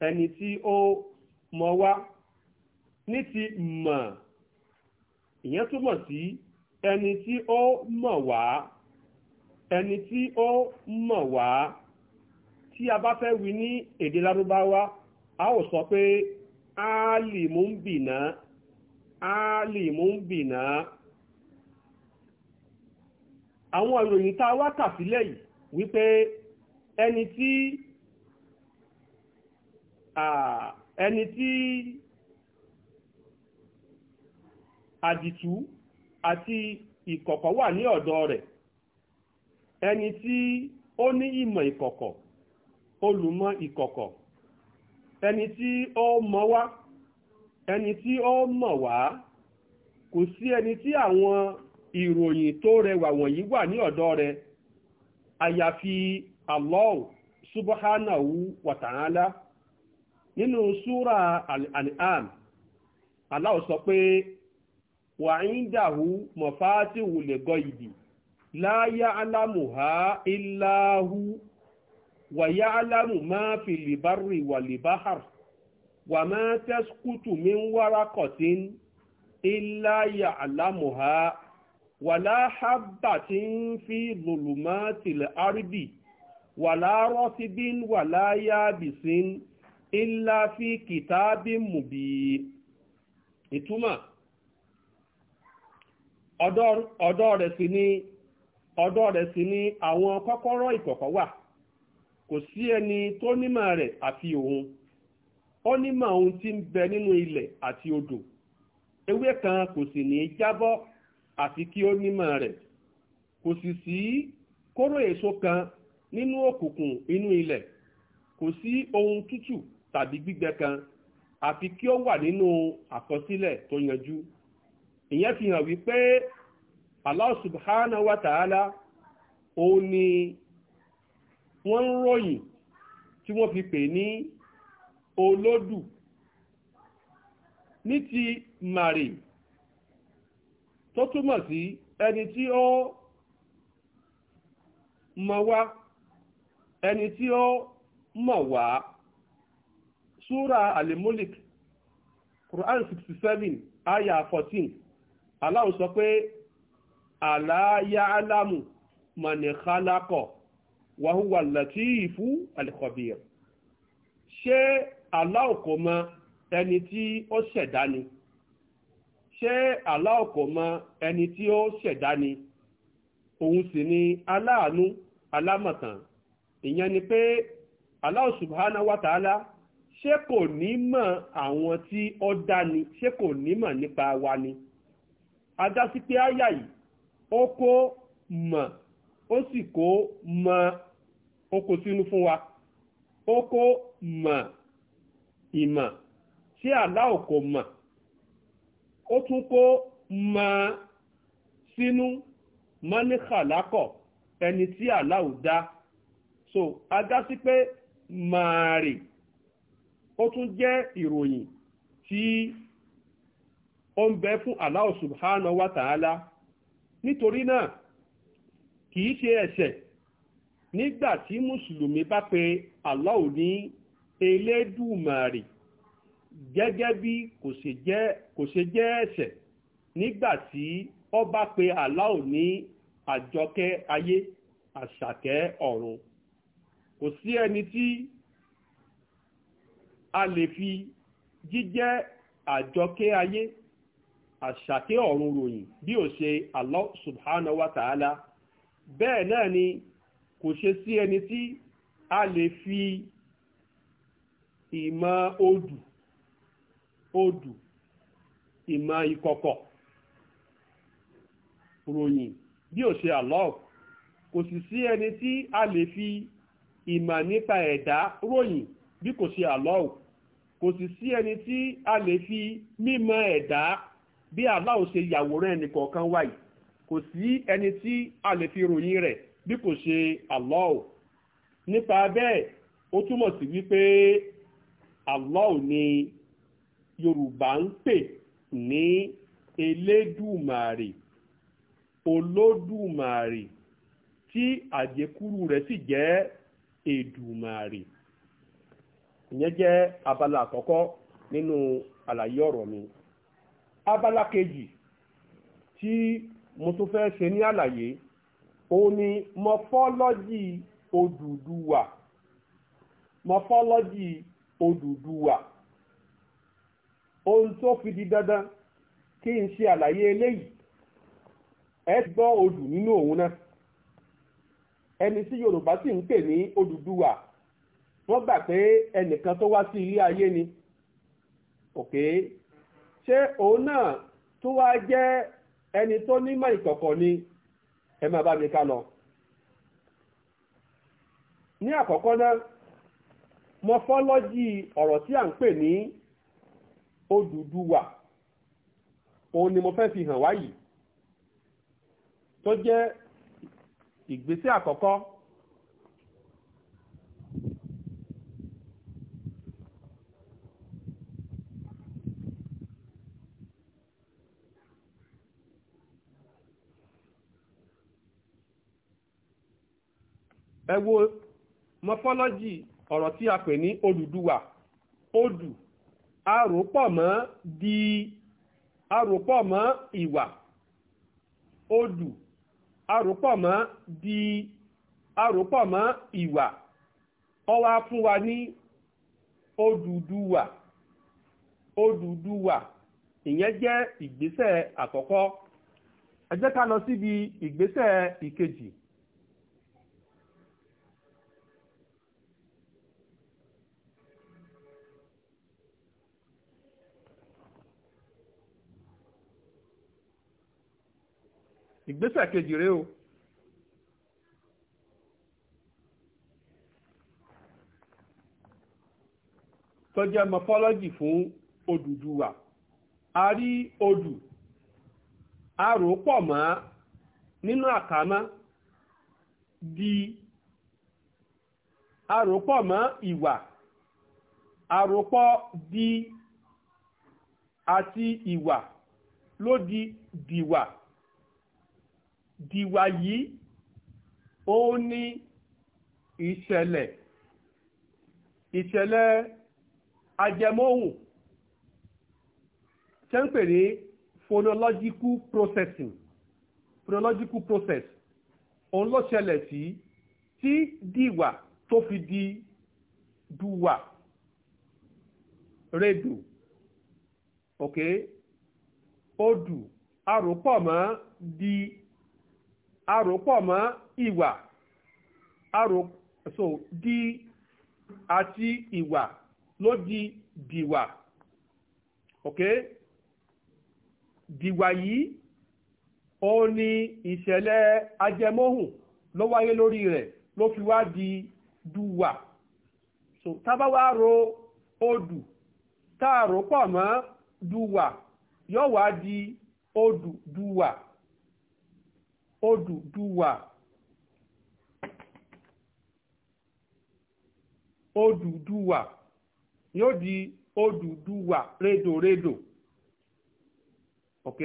ẹni tí ó mọ̀ wá ní ti mọ̀ ìyẹn túmọ̀ sí ẹni tí ó mọ̀ wá ẹni tí ó mọ̀ wá tí a bá fẹ́ wí ní èdè lárúbáwá a ó sọ pé áàlìmú ń bìnà áàlìmú ń bìnà àwọn ìròyìn tá a wá kà sílẹ̀ yìí wípé ẹni tí ẹni tí àdìtú àti ìkọ̀kọ̀ wà ní ọ̀dọ̀ rẹ̀ ẹni tí ó ní ìmọ̀ ìkọ̀kọ̀ olùmọ̀ ìkọ̀kọ̀ ẹni tí ó mọ̀ wá ẹni tí ó mọ̀ wá kò sí ẹni tí àwọn ìròyìn tó rẹwà wọ̀nyí wà ní ọ̀dọ̀ rẹ̀ àyàfi Allah subhanahu wa ta'ala. nínú súra al-An'am Allah sọ pé wà ń dàhú mọ̀fáàtì wùlẹ̀gọ́ ìdì láyá alámùhá ìláhú wàyá alámù máa fi lìbárì wà lìbáhàr wà máa tẹ́sùkútù mi ń wára kọ̀tín ìláyà alámùhá wàlá hábà tí ń fi lòlùmọ́ tilẹ̀ àríbì wàlá rọ́síbín wàlá yábìsín illa fi kitabim mubin ìtumọ̀ ọ̀dọ̀ rẹ̀ sì ni ọ̀dọ̀ rẹ̀ sì ni àwọn kọ́kọ́rọ́ ìkọ̀kọ̀ wà kò sí ẹni tó nímọ̀ rẹ̀ àfi òun ó nímọ̀ ohun tí ń bẹ nínú ilẹ̀ àti odò ewé kan kò sì ní jábọ́ àfi kí ó nímọ̀ rẹ̀ kò sì sí kóró èso kan nínú òkùnkùn inú ilẹ̀ kò sí ohun tútù tàbí gbígbẹ kan àfi kí ó wà nínú àkọsílẹ̀ tó yanjú ìyẹn fi hàn wípé Allah subhanahu wa ta'ala òun ni wọ́n ń ròyìn tí wọ́n fi pè ní olódù ní ti màrè tó túmọ̀ sí ẹni tí ó mọ̀ wá ẹni tí ó mọ̀ wá Súra Al-Mulk, Quran 67, Aya 14, Allah sọ pé, Ala ya'lamu man khalaqa wa huwa al-latifu al-khabir. Ṣé Allah kò mọ ẹni tí ó ṣẹ̀dá ni? Ṣé Allah kò mọ ẹni tí ó ṣẹ̀dá ni? Òun sì ni aláàánú alámọ̀tàn. Ìyẹn ni pé Allah subhanahu wa ta'ala ṣé kò ní mọ̀ àwọn tí ó dá ni ṣé kò ní mọ̀ nípa wa ni adásí pé àyà yìí ó kó mọ̀ ó sì kó mọ̀ ó kó sínú fún wa ó kó mọ̀ ìmọ̀ ṣé aláwọ̀ kò mọ̀ ó tún kó mọ̀ sínú mọ́níkàlákọ̀ ẹni tí aláwọ̀ dá so adásí pé màárì ó tún jẹ́ ìròyìn tí ó ń bẹ fún Allah subhanahu wa ta'ala nítorí náà kìí ṣe ẹ̀ṣẹ̀ nígbà tí mùsùlùmí bá pe Allah ní elédùmarè gẹ́gẹ́ bí kò ṣe jẹ́ ẹ̀ṣẹ̀ nígbà ó bá pe Allah ní àjọkẹ́ ayé àṣàkẹ́ ọ̀run kò sí ẹni tí a lè fi jíjẹ́ àjọkẹ́ ayé àṣàkẹ́ ọ̀run ròyìn bí ó ṣe Allah subhanahu wa ta'ala bẹ́ẹ̀ náà ni kò ṣe sí ẹni tí a lè fi ìmọ̀ odù odù ìmọ̀ ìkọ̀kọ̀ ròyìn bí ó ṣe Allah kò sì sí ẹni tí a lè fi ìmọ̀ nípa ẹ̀dá ròyìn bí kò ṣe àlọ́ọ̀ kò sì sí ẹni tí a lè fi mímọ̀ ẹ̀dá bí aláwo ṣe yàwòrán ẹnì kọ̀ọ̀kan wáyé kò sí ẹni tí a lè fi ròyìn rẹ̀ bí kò ṣe àlọ́ọ̀ nípa bẹ́ẹ̀ ó túmọ̀ sí wípé àlọ́ọ̀ ni Yorùbá ń pè ní Elédùmarè Olódùmarè tí àjẹkúrú rẹ̀ sì jẹ́ Èdùmarè. ìyẹn jẹ abala àkọ́kọ́ nínú àlàyé ọ̀rọ̀ mi abala kejì tí mo tún fẹ́ ṣe ní ni mọfọ́lọ́jì Odùduwà mọfọ́lọ́jì Odùduwà ohun tó fi di dandan kí n ṣe àlàyé eléyìí ẹ gbọ́ odù nínú òun náà ẹni tí Yorùbá sì ń pè ní wọ́n gbà pé ẹnìkan tó wá sí ilé ayé ni òkè ṣé òun náà tó wá jẹ́ ẹni tó nímọ̀ ìkọ̀kọ̀ ni ẹ máa bá mi ká lọ. ní àkọ́kọ́ náà mọfọ́lọ́jì ọ̀rọ̀ tí à ń pè ní Odùduwà òun ni mo fẹ́ fi hàn wáyìí tó jẹ́ ìgbésẹ̀ àkọ́kọ́ ẹ wo mọ́fọ́lọ́jì ọ̀rọ̀ tí a pè ní Odùduwà odù aròpọ̀ mọ́ di aròpọ̀ mọ́ ìwà odù aròpọ̀ mọ́ di aròpọ̀ mọ́ ìwà ó wá fún wa ní Odùduwà Odùduwà ìyẹn jẹ́ ìgbésẹ̀ àkọ́kọ́ ẹ ká lọ síbi ìgbésẹ̀ ìkejì. ìgbésẹ̀ kejì rèé o tó jẹ́ mọ́fọ́lọ́jì fún Odùduwà a rí odù a rò pọ̀ mọ́ nínú àkámá di a rò pọ̀ mọ́ ìwà àròpọ̀ di àti ìwà ló di dìwà dìwà yìí ó ní ìṣẹ̀lẹ̀ ìṣẹ̀lẹ̀ ajẹmóhùn tẹ́ ń pè ní phonological processing phonological process òun ló ṣẹlẹ̀ sí tí dìwà tó fi di duwa redu òkè odu àròpọ̀ mọ́ di. aròpọ̀ mọ́ ìwà so di àti ìwà ló di diwa ok dìwà yìí o ní ìṣẹ̀lẹ̀ ajẹmóhùn ló wáyé lórí rẹ̀ ló fi wá di duwà so tábá wá ro odù ta pọ̀ mọ́ yọ wa wá odu odù duwà. oduduwa Odùduwà yóò di redo redo ok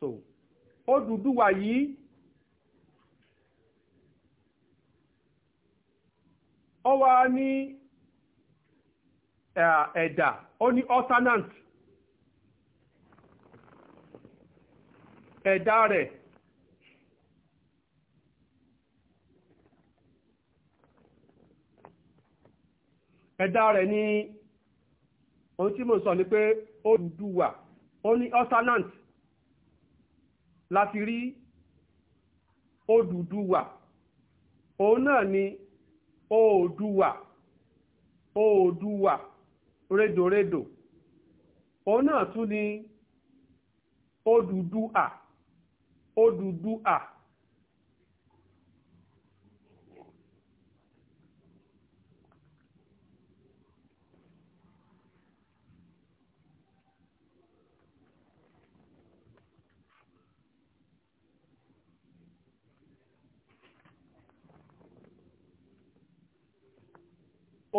so Odùduwà yìí ọ wà ní ẹ̀dà ó ní alternant ẹ̀dà rẹ̀. ẹ̀dá rẹ̀ ní ohun tí mo sọ ni pé Odùduwà ó ní alternant láti rí Odùduwà òun náà ni Oòduwà Oòduwà rédòrédò òun náà tún ni Odùduà Odùduà.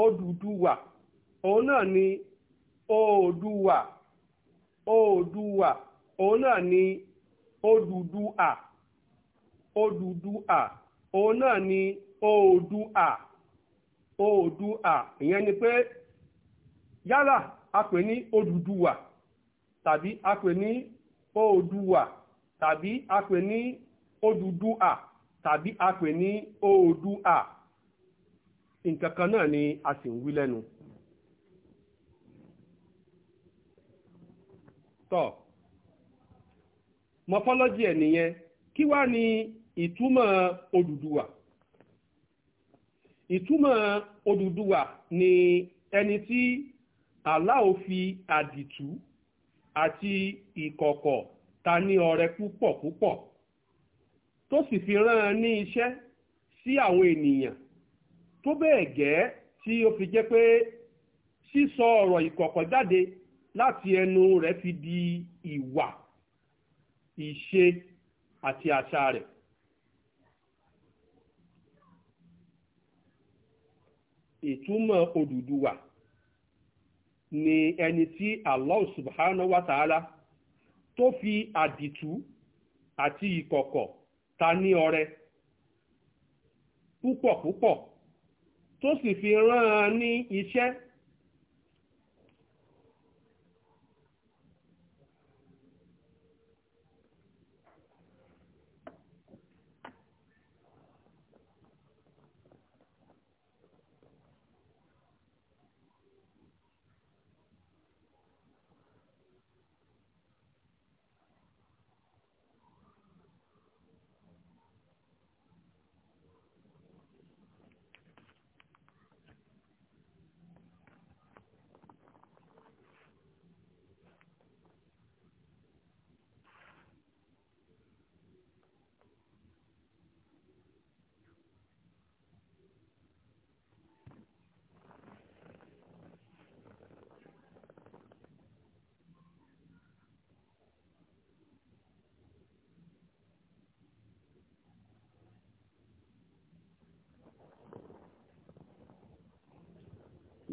Odùduwà òun náà ni Oòduwà Oòduwà òun náà ni Odùduà Odùduà òun náà ni Oòduà Oòduà ìyẹn ni pé yálà a pè ní Odùduwà tàbí a pè ní Oòduwà tàbí a pè ní Odùduà tàbí a pè ní Oòduà. nǹkan kan náà ni a sì ń wí lẹ́nu. tọ́ mọ́fọ́lọ́jì ẹ̀ nìyẹn kí wá ni ìtumọ̀ Odùduwà ìtumọ̀ Odùduwà ni ẹni tí Allah ó fi àdìtú àti ìkọ̀kọ̀ ta ní ọrẹ púpọ̀ púpọ̀ tó sì fi rán ní iṣẹ́ sí àwọn ènìyàn tó bẹ́ẹ̀ gẹ́ tí ó fi jẹ́ pé sísọ ọ̀rọ̀ ìkọ̀kọ̀ jáde láti ẹnu rẹ̀ fi di ìwà ìṣe àti àṣà rẹ̀. ìtumọ̀ Odùduwà ni ẹni tí Allah subhanahu wa ta'ala tó fi àdìtú àti ìkọ̀kọ̀ ta ní ọrẹ púpọ̀ púpọ̀ tó sì fi rán ní iṣẹ́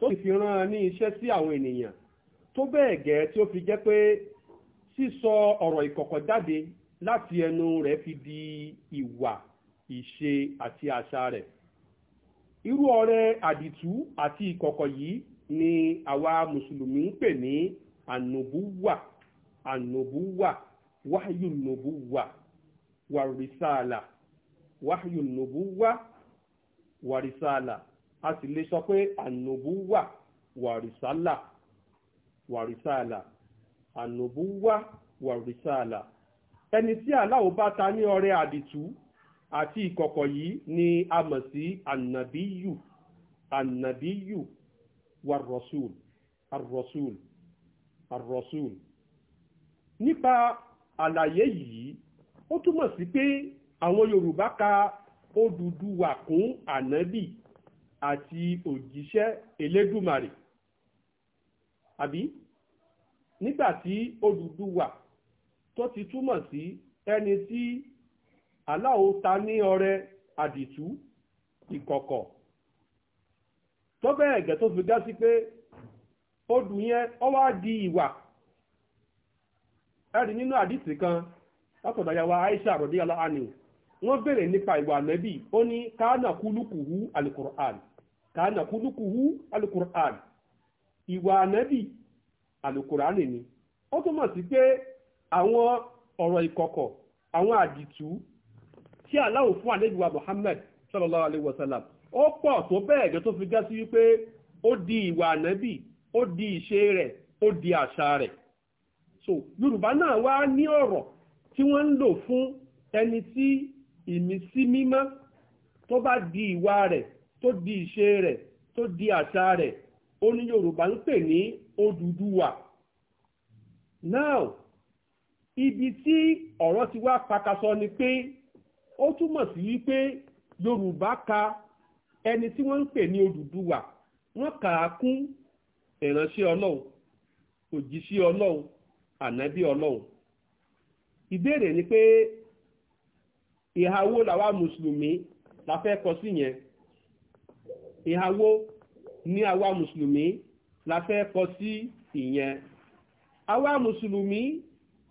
tó sì fi rán ní iṣẹ́ sí àwọn ènìyàn tó bẹ́ẹ̀ gẹ́ tí ó fi jẹ́ pé sísọ ọ̀rọ̀ ìkọ̀kọ̀ jáde láti ẹnu rẹ̀ fi di ìwà ìṣe àti àṣà rẹ̀ irú ọ̀rẹ́ àdìtú àti ìkọ̀kọ̀ yìí ni àwa mùsùlùmí ń pè ní ànùbúwà ànùbúwà wáyù wàrìsàlà wáyù wàrìsàlà a sì lè sọ pé ànùbú wà wàrìsálà wàrìsálà ànùbú wà wàrìsálà ẹni tí aláwo bá ta ní ọrẹ àdìtú àti ìkọ̀kọ̀ yìí ni a mọ̀ sí ànàbíyù ànàbíyù wàrọ̀sùl àrọ̀sùl àrọ̀sùl nípa àlàyé yìí ó túmọ̀ sí pé àwọn Yorùbá ka Odùduwà kún ànábì àti òjíṣẹ́ elédùmarè àbí nígbà tí Odùduwà tó ti túmọ̀ sí ẹni tí aláwo ta ní ọrẹ àdìtú ìkọ̀kọ̀ tó bẹ́ẹ̀ ẹ̀gẹ́ tó fi dá sí pé odù yẹn ó wá di ìwà ẹ̀rí nínú àdìsí kan látọ̀dọ̀ yàwá Aisha rọ̀díyàlá ànì wọ́n béèrè nípa ìwà ànábì ó ní káánà kúlùkùhù alukur'an kana kulukuhu alukur'an iwa ànábì alukur'an ni ó túmọ̀ sí pé àwọn ọ̀rọ̀ ìkọ̀kọ̀ àwọn àdìtú tí aláwò fún fun wa Muhammad sallallahu alaihi wasallam o po to bẹ́ẹ̀ to fi gasi wipe o di iwa anabi o di ise re o di asa re. so yoruba naa wa ni oro ti won lo fun fún ẹni imisi ìmísí to ba di iwa re. tó di ìṣe rẹ̀ tó di àṣà rẹ̀ ó ní Yorùbá ń pè ní wa. now ibi tí ọ̀rọ̀ ti wá pakasọ ni pé ó túmọ̀ sí wípé Yorùbá ka ẹni tí wọ́n ń pè ní wa wọ́n kà á kún ìránṣẹ́ Ọlọ́run òjíṣẹ́ Ọlọ́run ànábì Ọlọ́run ìbéèrè ni pé ìhà wo làwa mùsùlùmí la fẹ́ kọ sí yẹn ìhàwó ní àwa mùsùlùmí la fẹ́ kọ sí ìyẹn àwa mùsùlùmí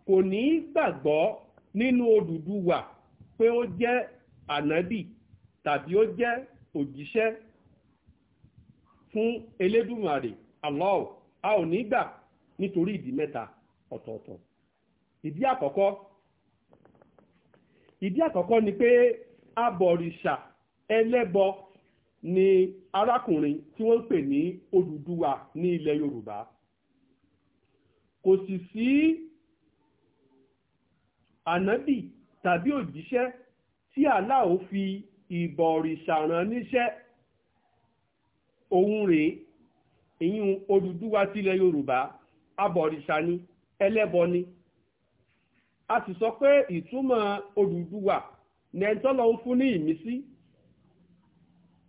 kò ní gbàgbọ́ nínú wà pé ó jẹ́ ànábì tàbí ó jẹ́ òjíṣẹ́ fún Elédùmarè Allah a ò ní gbà nítorí ìdí mẹ́ta ọ̀tọ̀ọ̀tọ̀ ìdí àkọ́kọ́ ìdí àkọ́kọ́ ni pé abọ̀rìṣà ẹlẹ́bọ ni arákùnrin tí wọ́n ń pè ní Odùduwà ní ilẹ̀ Yorùbá kò sì sí ànábì tàbí òjíṣẹ́ tí Allah ó fi ìbọ̀rìṣà rán níṣẹ́ òun rèé ìyún Odùduwà tilẹ̀ Yorùbá abọ̀rìṣà ni ẹlẹ́bọ ni a sì sọ pé ìtumọ̀ Odùduwà nẹ́ńtọ́lọ́ ń fún ní ìmísí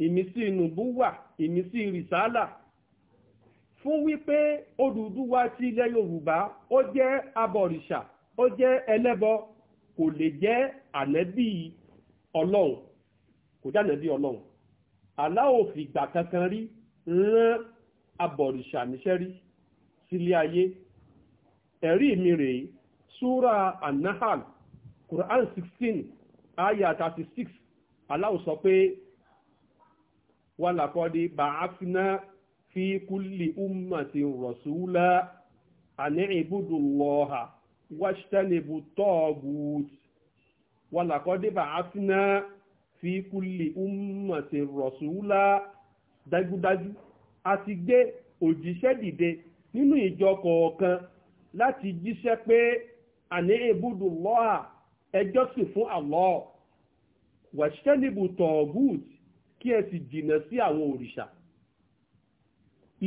ìmísí nùbúwà ìmísí rìsálà fún wípé Odùduwà ti ilẹ̀ Yorùbá ó jẹ́ abọ̀rìṣà ó jẹ́ ẹlẹ́bọ kò lè jẹ́ ànẹ́bí ọlọ́run kò jẹ́ ànẹ́bí ọlọ́run Allah ò fìgbà kankan rí rán abọ̀rìṣà níṣẹ́ rí sílé ayé ẹ̀rí mi rèé súra anahal Quran 16 ayat 36 Allah sọ pé wàlàkọ́dé bàáfínà fi kúlì ummatin rọ̀ṣúlá àní ìbúdù lọ́ha wáṣítẹ́nìbù tọ́ọ̀gùt wàlàkọ́dé bàáfínà fi kúlì ummatin rọ̀ṣúlá dájúdájú a ti gbé òjíṣẹ́ dìde nínú ìjọ kọ̀ọ̀kan láti jíṣẹ́ pé àní ìbúdù lọ́ha ẹjọ́sìn fún Allah wàṣítẹ́nìbù tọ́ọ̀gùt kí ẹ sì jìnnà sí àwọn òrìṣà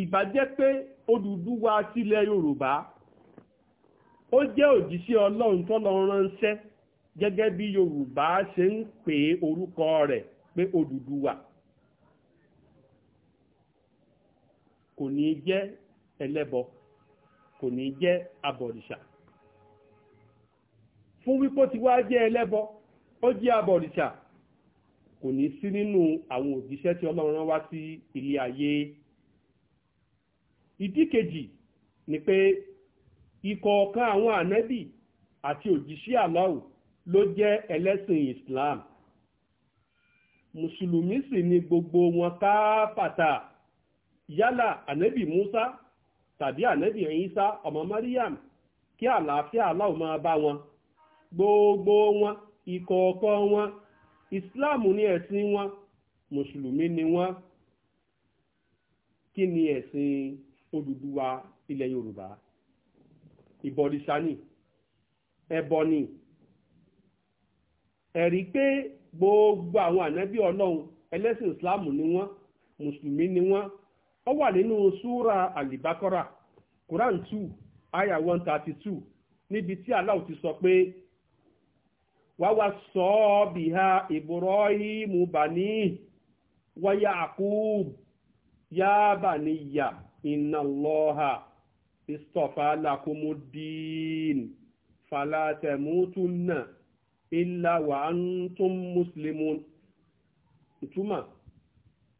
ìbàjẹ́ pé Odùduwà tilẹ̀ Yorùbá ó jẹ́ òjíṣẹ́ Ọlọ́run tọ́lọ ránṣẹ́ gẹ́gẹ́ bí Yorùbá ṣe ń pè orúkọ rẹ̀ pé Odùduwà kò ní jẹ́ ẹlẹ́bọ kò ní jẹ́ abọ̀rìṣà fún wípé ó ti wá jẹ́ ẹlẹ́bọ ó jẹ́ abọ̀rìṣà kò ní sí nínú àwọn òjíṣẹ́ tí ọlọ́run rán wá sí ilé ayé ìdí kejì ni pé ìkọ̀ọ̀kan àwọn ànábì àti òjíṣẹ́ aláwò ló jẹ́ ẹlẹ́sìn Islam mùsùlùmí sì ni gbogbo wọn káfàtà yálà ànábì Musa tàbí ànábì Isa ọmọ Mariam kí àlàáfíà aláwò máa bá wọn gbogbo wọn ìkọ̀ọ̀kan wọn ìsìláàmù ni ẹ̀sìn wọn mùsùlùmí ni wọ́n kí ni ẹ̀sìn Odùduwà ilẹ̀ Yorùbá ìbọ̀rìṣà ni ẹbọ ni ẹ̀rí pé gbogbo àwọn ànábì Ọlọ́run ẹlẹ́sìn ìsìláàmù ni wọ́n mùsùlùmí ni wọ́n ó wà nínú súra àlìbákọ́rà Quran two ayah one thirty two níbi tí Allah ti sọ pé. wawa sọọ bi ha ibrohim banning waya akuub ya banning ya inalọha istaọf alakomodin falasemutuna ilhawa ntụ muslim ntụma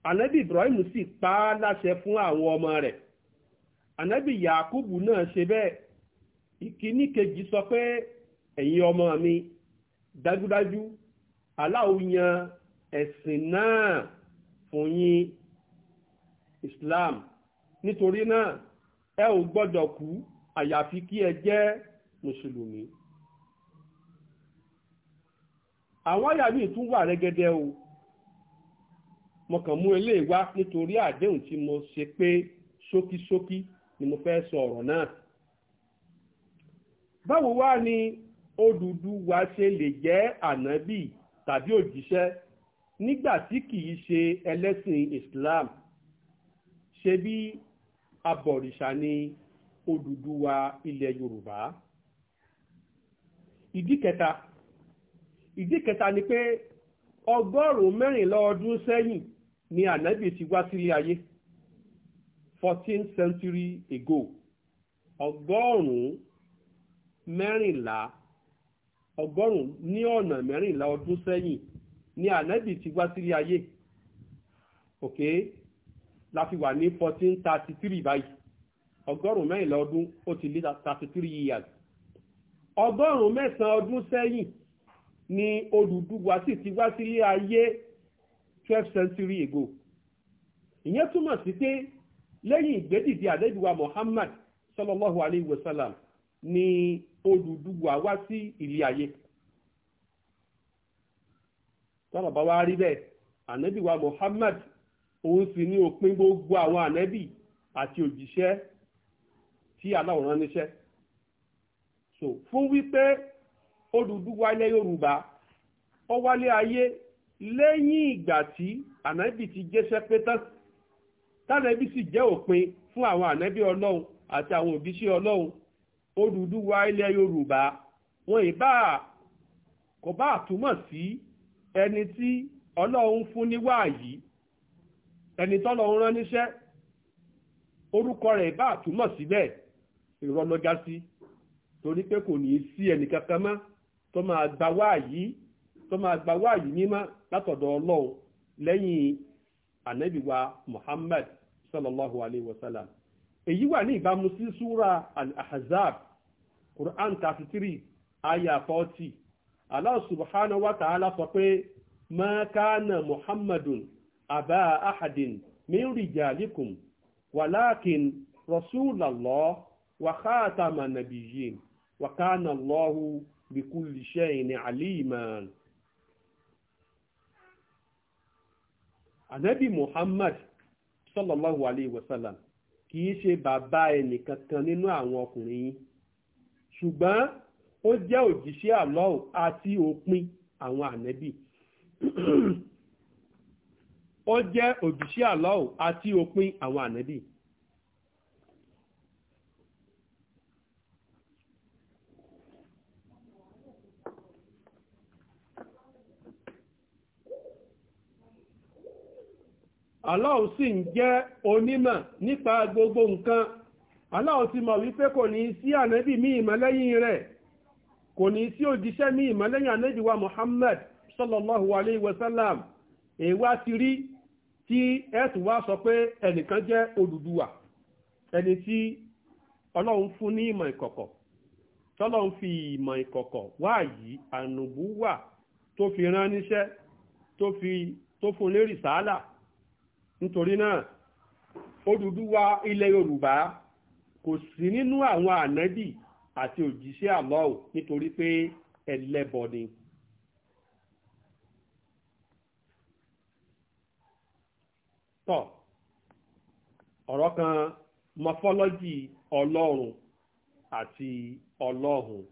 anabi ibrohim si pa laa se fun awon omo re anabi ya akuubu na sebe ikinikeji sọpe eyin omo mi. dájúdájú aláwo yan ẹ̀sìn náà fún yín islam nítorí náà ẹ ò gbọ́dọ̀ kú àyàfi kí ẹ jẹ́ mùsùlùmí àwọn àyà míì tún wà rẹ́gẹ́dẹ́ o mo kàn mú wá nítorí àdéhùn tí mo ṣe pé ṣókíṣókí ni mo fẹ́ sọ ọ̀rọ̀ náà báwo wá ni Odùduwà ṣe lè jẹ́ ànábì tàbí òjíṣẹ́ nígbà tí kìí ṣe ẹlẹ́sìn Islam ṣe bí abọ̀rìṣà ni Odùduwà ilẹ̀ Yorùbá ìdí kẹta ìdí kẹta ni pé ọgọ́rùn-ún mẹ́rìnlá ọdún sẹ́yìn ni ànábì ti wá sílé ayé fourteen century ago ọgọ́rùn-ún mẹ́rìnlá ọgọ́rùn-ún ní ọ̀nà mẹ́rìnlá ọdún sẹ́yìn ni ànábì ti wá sílé ayé ok la fi wà ní fourteen thirty three báyìí ọgọ́rùn-ún mẹ́rìnlá ọdún ó ti lé thirty three years ọgọ́rùn-ún mẹ́sàn-án ọdún sẹ́yìn ni Odùduwà sì ti wá sílé ayé twelve century ago ìyẹn túmọ̀ sí pé lẹ́yìn ìgbédìde ànábì wa Muhammad sallallahu alayhi wa sallam ni. Odùduwà wá sí ilé ayé tọ́nà bá wá rí bẹ́ẹ̀ ànábì wa Muhammad òun sì ní òpin gbogbo àwọn ànábì àti òjíṣẹ́ tí aláwòrán níṣẹ́ so fún wípé Odùduwà ilẹ̀ Yorùbá ó wálé ayé lẹ́yìn ìgbà tí ànábì ti jẹ́ṣẹ́ pé tán tánàbì sì jẹ́ òpin fún àwọn ànábì Ọlọ́run àti àwọn òbíṣẹ́ Ọlọ́run Odùduwà ilẹ̀ Yorùbá wọn ìbá kò bá túmọ̀ sí ẹni tí Ọlọ́run fún ní wáàyí ẹni tọ́lọ́run rán níṣẹ́ orúkọ rẹ̀ ìbá túmọ̀ síbẹ̀ ìrọlọ́já sí torí pé kò ní í sí ẹnì kankan mọ́ tó máa gba wáàyí tó máa gba wáàyí mímọ́ látọ̀dọ̀ Ọlọ́run lẹ́yìn ànábìwá Muhammad sallallahu alayhi wa sallam. èyí wà ní ìbámu sí súra al-ahzab quran 33 aya 40 allah subhanahu wa ta'ala sọ pé ma kana muhammadun aba ahadin min rijalikum walakin rasulallah wa khatama nabiyyin wa kana allahu bikulli shay'in aliman anabi muhammad sallallahu alaihi wasallam kì í ṣe bàbá ẹnìkankan nínú àwọn ọkùnrin yín ṣùgbọ́n ó jẹ́ òjíṣẹ́ àlọ́ àti òpin àwọn ànẹ́bì ó jẹ́ òjíṣẹ́ àlọ́ àti òpin àwọn ànẹ́bì. Allah sì ń jẹ́ onímọ̀ nípa gbogbo nǹkan Allah sì mọ̀ wípé kò ní sí ànábì mí ìmọ̀lẹ́yìn rẹ̀ kò ní sí òjíṣẹ́ mí ìmọ̀lẹ́yìn ànábì wa Muhammad sallallahu alayhi wa sallam èèwá ti rí tí sọ pé ẹnìkan jẹ́ Odùduwà ẹni tí ọlọ́run fún ní ìmọ̀ ìkọ̀kọ̀ tọ́lọ́run fi ìmọ̀ ìkọ̀kọ̀ nítorí náà Odùduwà ilẹ̀ Yorùbá kò sí nínú àwọn ànábì àti òjíṣẹ́ Allah nítorí pé ẹlẹ́bọ ni. tọ́ ọ̀rọ̀ kan mọfọ́lọ́jì ọlọ́run àti ọlọ́hun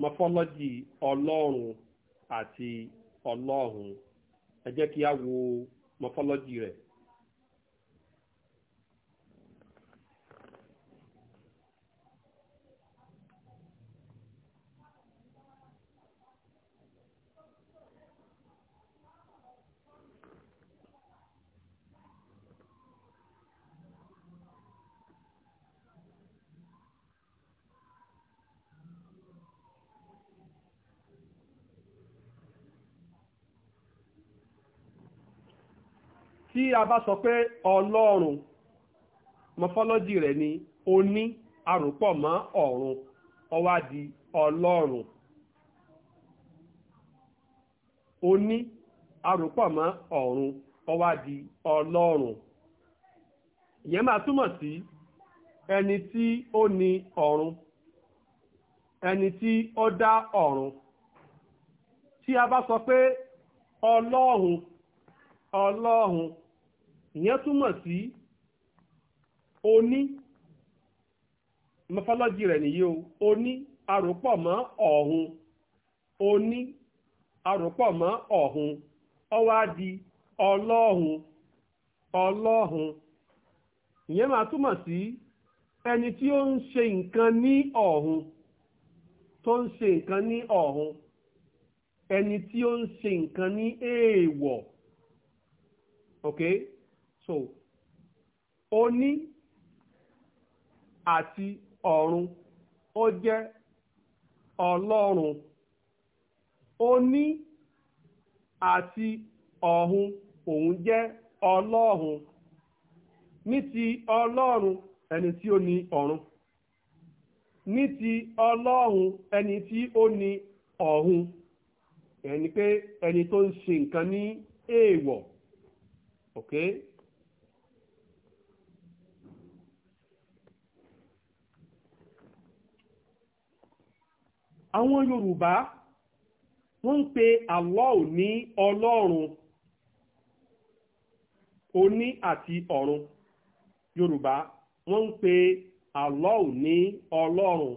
mọfọ́lọ́jì ọlọ́run àti ọlọ́hun ẹ jẹ́ kí a wo M'a mọ́fọ́lọ́jì rẹ̀ tí a bá sọ pé ọlọ́run mọ́fọ́lọ́jì rẹ̀ ni oní àròpọ̀ mọ́ ọ̀run ó di ọlọ́run oní àròpọ̀ mọ́ ọ̀run ó wá di ọlọ́run ìyẹn máa túmọ̀ sí ẹni tí ó ní ọ̀run ẹni tí ó dá ọ̀run tí a bá sọ pé ọlọ́run ọlọ́run ìyẹn túmọ̀ sí oní mọ́fọ́lọ́jì rẹ̀ nìyí o oní aròpọ̀ mọ́ ọ̀hún oní aròpọ̀ mọ́ ọ̀hún ó wá di ọlọ́hun ọlọ́hun ìyẹn máa túmọ̀ sí ẹni tí ó ń ṣe nǹkan ní ọ̀hún tó ń ṣe nǹkan ní ọ̀hún ẹni tí ó ń ṣe nǹkan ní èèwọ̀ okay so oní àti ọ̀run ó jẹ́ ọlọ́run oní àti ọ̀hun òun jẹ́ ọlọ́run ní ti ọlọ́run ẹni tí ó ní ọ̀run ní ti ọlọ́run ẹni tí ó ní ọ̀hun ẹni pé ẹni tó ń ṣe nǹkan ní èèwọ̀ okay àwọn yorùbá wọ́n ń pe Allah ní ọlọ́run oní àti ọ̀run yorùbá wọ́n ń pe Allah ní ọlọ́run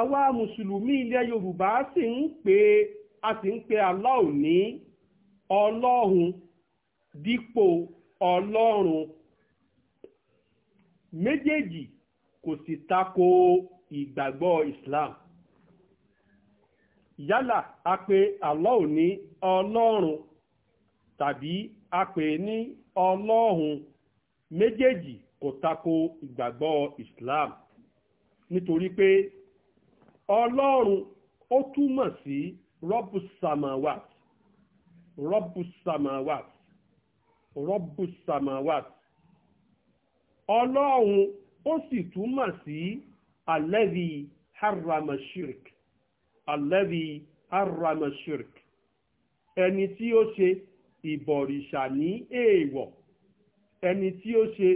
àwa mùsùlùmí ilẹ̀ yorùbá sì ń pe a sì ń pe Allah ní ọlọ́run dípò ọlọ́run méjèèjì kò sì tako ìgbàgbọ́ islam yálà a pè Allah ní ọlọ́run tàbí a pè ní ọlọ́hun méjèèjì kò tako ìgbàgbọ́ Islam nítorí pé ọlọ́run ó túmọ̀ sí Rabbus Samawat Rabbus Samawat Rabbus Samawat ọlọ́run ó sì túmọ̀ sí alẹ́bí harama alẹ́bí aramashirk ẹni tí ó ṣe ìbọ̀rìṣà ní èèwọ̀ ẹni tí ó ṣe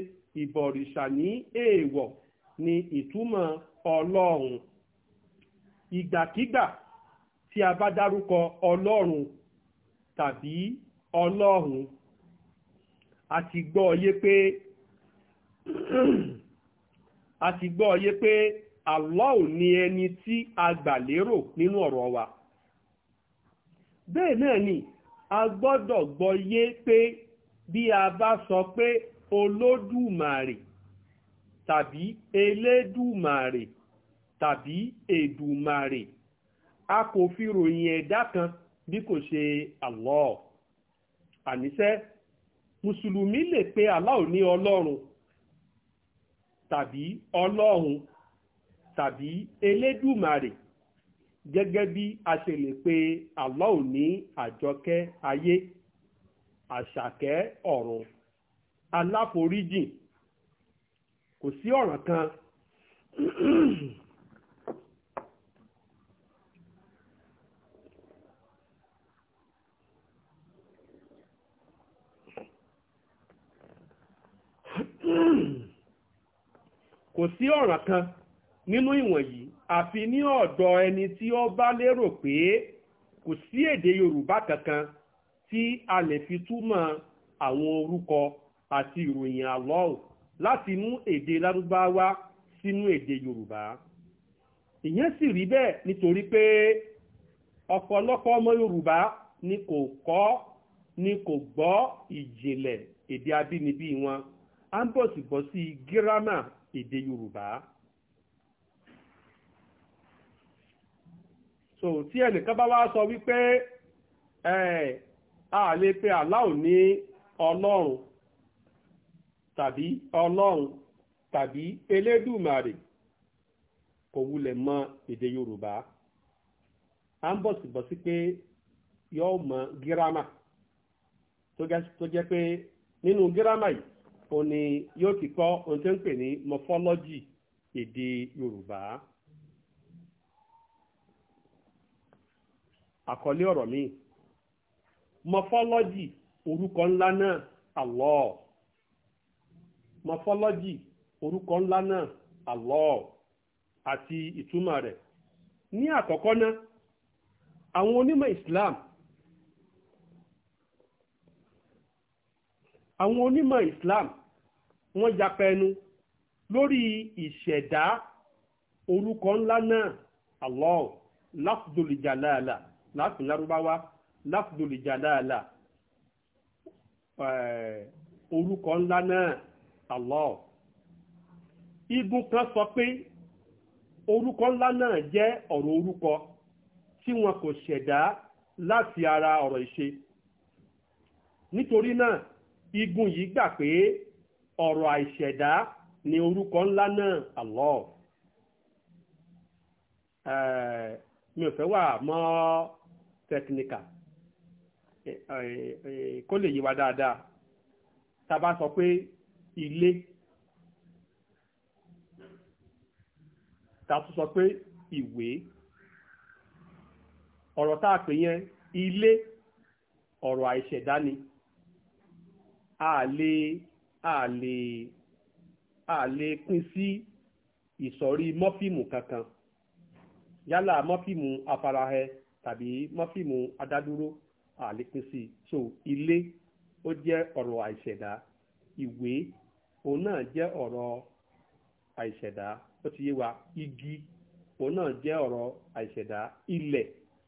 ìbọ̀rìṣà ní èèwọ̀ ni ìtumọ̀ ọlọ́run ìgbàkígbà tí a bá dárúkọ ọlọ́run tàbí ọlọ́run a gbọ́ ọ yé pé a gbọ́ ọ yé pé Allah ni ẹni tí a gbà lérò nínú ọ̀rọ̀ wa bẹ́ẹ̀ náà ni a gbọ́dọ̀ gbọ́yé pé bí a bá sọ pé olódùmarè tàbí elédùmarè tàbí èdùmarè a kò fi ròyìn ẹ̀dá kan bí kò ṣe Allah àníṣẹ́ mùsùlùmí lè pe Allah ní ọlọ́run tàbí ọlọ́run tàbí elédùmarè gẹ́gẹ́ bí a ṣe lè pe àlọ́ ní àjọkẹ́ ayé àṣàkẹ́ ọ̀rùn aláforíjìn kò sí ọ̀ràn kan kò sí ọ̀ràn kan nínú ìwọ̀nyí àfi ní ọ̀dọ̀ ẹni tí ó bá lérò pé kò sí èdè yorùbá kankan tí a lè fi túmọ̀ àwọn orúkọ àti ìròyìn Allah láti inú èdè lárúbáwá sínú èdè yorùbá ìyẹn sì rí bẹ́ẹ̀ nítorí pé ọ̀pọ̀lọpọ̀ ọmọ yorùbá ni kò kọ́ ni kò gbọ́ ìjìnlẹ̀ èdè abínibí wọn à bọ̀ sí bọ́ sí gírámà èdè yorùbá. so tí ẹnìkan bá wá sọ wípé ẹ a lè pe Allah ní ọlọ́run tàbí ọlọ́run tàbí elédùmarè kò wulẹ̀ mọ èdè yorùbá à ń bọ̀ sí bọ̀ sí pé yóò mọ gírámà tó jẹ́ pé nínú gírámà yìí òun ni yóò ti kọ́ ohun tó ń pè ní mọ́fọ́lọ́jì èdè yorùbá. àkọlé ọ̀rọ̀ mi mọfọ́lọ́jì orúkọ ńlá náà Allah mọfọ́lọ́jì orúkọ ńlá náà Allah àti ìtumọ̀ rẹ̀ ní àkọ́kọ́ àwọn Islam àwọn onímọ̀ Islam wọ́n yapa lórí ìṣẹ̀dá orúkọ ńlá náà Allah láàfin lárúbáwá láfùdùlì jàdáàlà eh, orúkọ ńlá náà Allah igun kan sọ pé orúkọ ńlá náà jẹ́ ọ̀rọ̀ orúkọ tí wọn kò ṣẹ̀dá láti ara ọ̀rọ̀ ìṣe nítorí náà igun yìí gbà pé ọ̀rọ̀ àìṣẹ̀dá ni orúkọ ńlá náà Allah eh, mi ò fẹ́ wà mọ́ technical kó lè yé wa dáadáa ta a bá sọ pé ilé ta a tún sọ pé ìwé ọ̀rọ̀ tá pè yẹn ilé ọ̀rọ̀ àìṣẹ̀dá ni a lè a lè a lè pín sí ìsọ̀rí mọ́fíìmù kankan yálà mọ́fíìmù afarahẹ́ tàbí mọ́fíìmù adádúró àlékún sí i so ilé ó jẹ́ ọ̀rọ̀ àìṣẹ̀dá ìwé òun náà jẹ́ ọ̀rọ̀ àìṣẹ̀dá ó ti yé wa igi òun náà jẹ́ ọ̀rọ̀ àìṣẹ̀dá ilẹ̀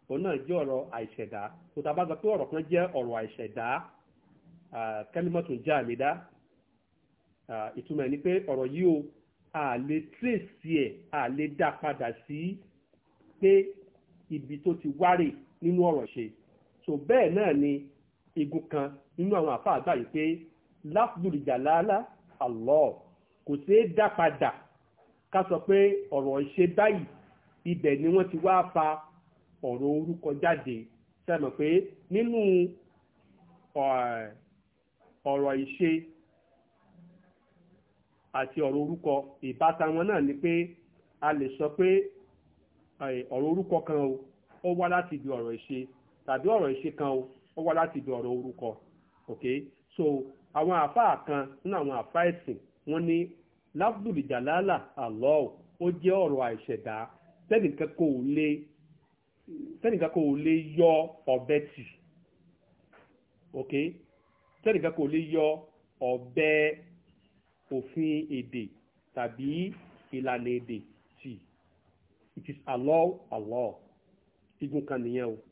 òun náà jẹ́ ọ̀rọ̀ àìṣẹ̀dá tó tá a bá sọ pé ọ̀rọ̀ kan jẹ́ ọ̀rọ̀ àìṣẹ̀dá kẹ́límọ́tún já mi dá ìtumọ̀ ẹ̀ ni pé ọ̀rọ̀ yìí o a tírèsì ẹ̀ a lè dá padà sí pé ibi tó ti wárè nínú ọ̀rọ̀ ṣe so bẹ́ẹ̀ náà ni igun kan nínú àwọn àfa àgbà yìí pé láfùdùrì jàlálà Allah kò ṣeé dá padà ká sọ pé ọ̀rọ̀ ìṣe báyìí ibẹ̀ ni wọ́n ti wá fa ọ̀rọ̀ orúkọ jáde sẹ́mọ̀ pé nínú ọ̀rọ̀ ìṣe àti ọ̀rọ̀ orúkọ ìbátan wọn náà ni pé a lè sọ pé ọ̀rọ̀ orúkọ kan o ó wá láti ibi ọ̀rọ̀ ìṣe tàbí ọ̀rọ̀ ìṣe kan o ó wá láti ibi ọ̀rọ̀ orúkọ ok so àwọn àfáà kan nínú àwọn àfáà ẹ̀sìn wọ́n ní lábùdùlì jàlálà Allah ó jẹ́ ọ̀rọ̀ àìṣẹ̀dá tẹ́nìkan kò lè yọ ọ̀bẹ tì ok tẹ́nìkan kò lè yọ ọ̀bẹ òfin èdè tàbí ìlànà èdè It is Alô, Alô, Igun kan nìyẹn